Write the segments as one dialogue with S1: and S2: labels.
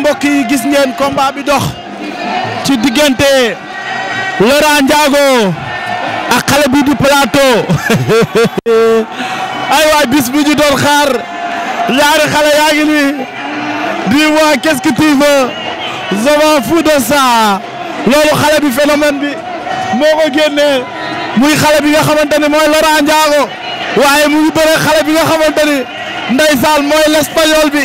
S1: mbokk yi gis ngeen combat bi dox ci diggante Laurent Ndiago ak xale bi di plateau ay waay bis bi xaar ñaari xale yaa ngi nii dis-moi qu'est-ce loolu xale bi phénomène bi moo ko génnee muy xale bi nga xamante ni mooy Laurent Ndiago waaye mu ngi xale bi nga xamante ni ndeysaan mooy l'espagnol bi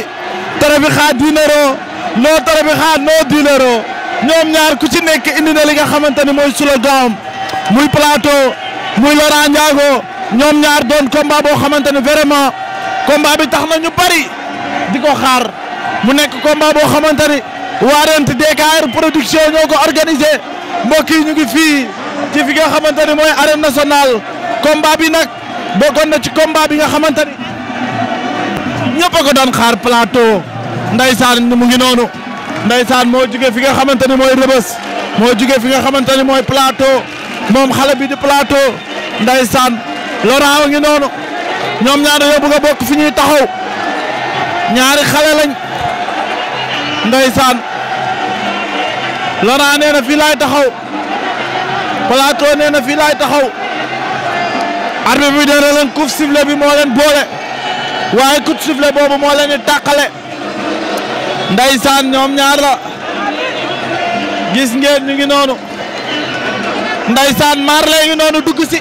S1: Tréviño dinero noo tara bi xaat noo diileeroo ñoom ñaar ku ci nekk indi na li nga xamante ni mooy slogan muy plateau muy Laurent Ndiago ñoom ñaar doon combat boo xamante ni vraiment combat bi tax na ñu bari di ko xaar mu nekk combat boo xamante ni waa rent DKR production ñoo ko organisé mbokk yi ñu ngi fii ci fi nga xamante ni mooy arène nationale combat bi nag bokkoon na ci combat bi nga xamante ni ñëpp ko doon xaar plateau. Ndeysaan mu ngi noonu Ndeysaan moo jugee fi nga xamante ni mooy rëbës moo jugee fi nga xamante ni mooy plateau moom xale bi di plateau Ndeysaan Laurent a ngi noonu ñoom ñaar dañoo bëgg a bokk fi ñuy taxaw ñaari xale lañ Ndeysaan Laurent nee na fii laay taxaw plateau nee na fii laay taxaw arbitre bi dee na leen coup bi moo leen boole waaye coup sifflet boobu moo leen di tàqale Ndeysaan ñoom ñaar la gis ngeen ñu ngi noonu Ndeysaan Marley ngi noonu dugg si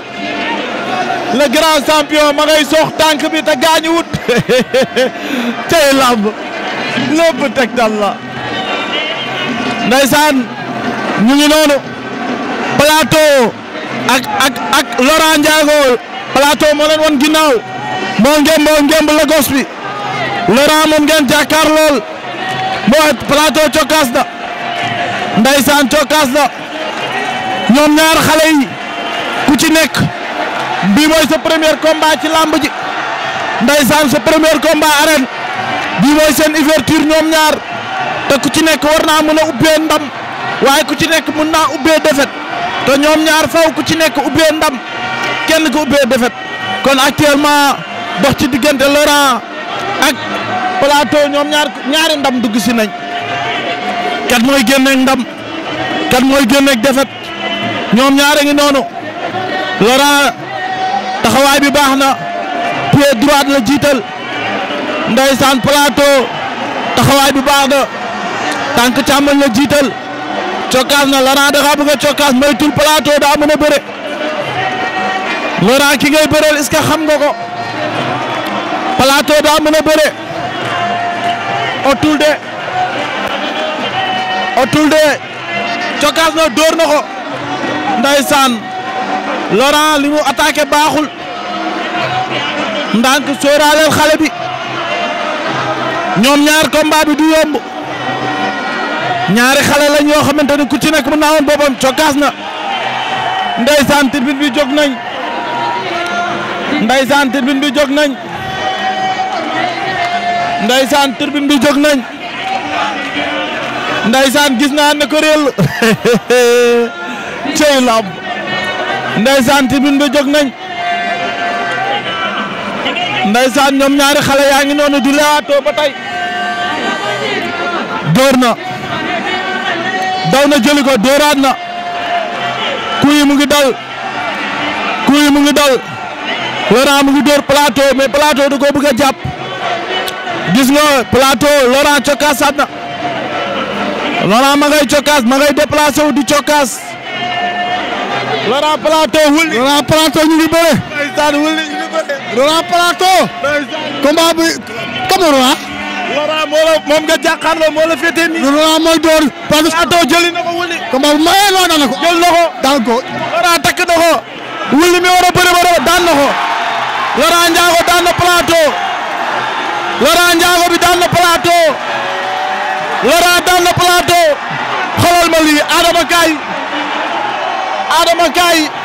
S1: le grand champion soox tànk bi te gaañu wut tey làmb lépp tegtal la Ndeysaan ñu ngi noonu plateau ak ak ak Laurent Ndiago plateau moo leen won ginnaaw moo ngem moo ngemb Lagos bi Laurent moom ngeen jàkkaar lool boo plateau cokkaas na ndaysaan cokkaas na ñoom ñaar xale yi ku ci nekk bii mooy sa premier combat ci làmb ji ndaysaan sa premier combat arène bii mooy seen ouverture ñoom ñaar te ku ci nekk war naa mën a ndam waaye ku ci nekk mun naa ubbee defet te ñoom ñaar faw ku ci nekk ubbee ndam kenn ku ubbee defet kon actuellement dox ci diggante Laurent ak plateau ñoom ñaar ñaari ndam dugg si nañ kat mooy génneeg ndam kat mooy génneeg defet ñoom ñaare ngi noonu Laurent taxawaay bi baax na pied droit la jiital ndeysaan plateau taxawaay bi baax na tànk càmmoñ la jiital cokkaas na Laurent dafa bëgg a cokkaas moytul plateau daa mën a bëre Laurent ki ngay bëreel est-ce xam nga ko. Plateau daa mën a bëre Otoul de Otoul de cokaas na dóor na ko ndeysaan Laurent li mu baaxul ndànk sóoraaleel xale bi ñoom ñaar combat bi du yomb ñaari xale lañ yoo xamante ni ku ci nekk mu naawoon boppam cokaas na ndeysaan tribune bi jóg nañ ndeysaan tribune bi jóg nañ Ndeysaan turbine bi jóg nañ Ndeysaan gis naa ne ko réel cey lamb Ndeysaan turbine bi jóg nañ Ndeysaan ñoom ñaari xale yaa ngi noonu di laatoo ba tey door na daw na jëli ko dooraat na kuy mu ngi dal kuy mu ngi dal Laurent mu ngi door plateau mais plateau da koo bëgg jàpp. gis nga plateau Laurent Cokkaas saat na Laurent ma ngay Cokkaas ma ngay déplacé wu di Cokkaas. Laurent plateau wuli. Laurent plateau ñu ngi bëre. ndeysaan wuli ñu ah. moom nga jàkkaarloo moo la féetee ko wuli. combat bi loo daan ko. jël ko daan ko. Laurent ko. wuli mi war a bëri ba daan na ko. Laurent Ndiago Laurent Ndiago bi daan na plateau Laurent daan na plateau xoolal ma lii Adama Kaye Adama Kaye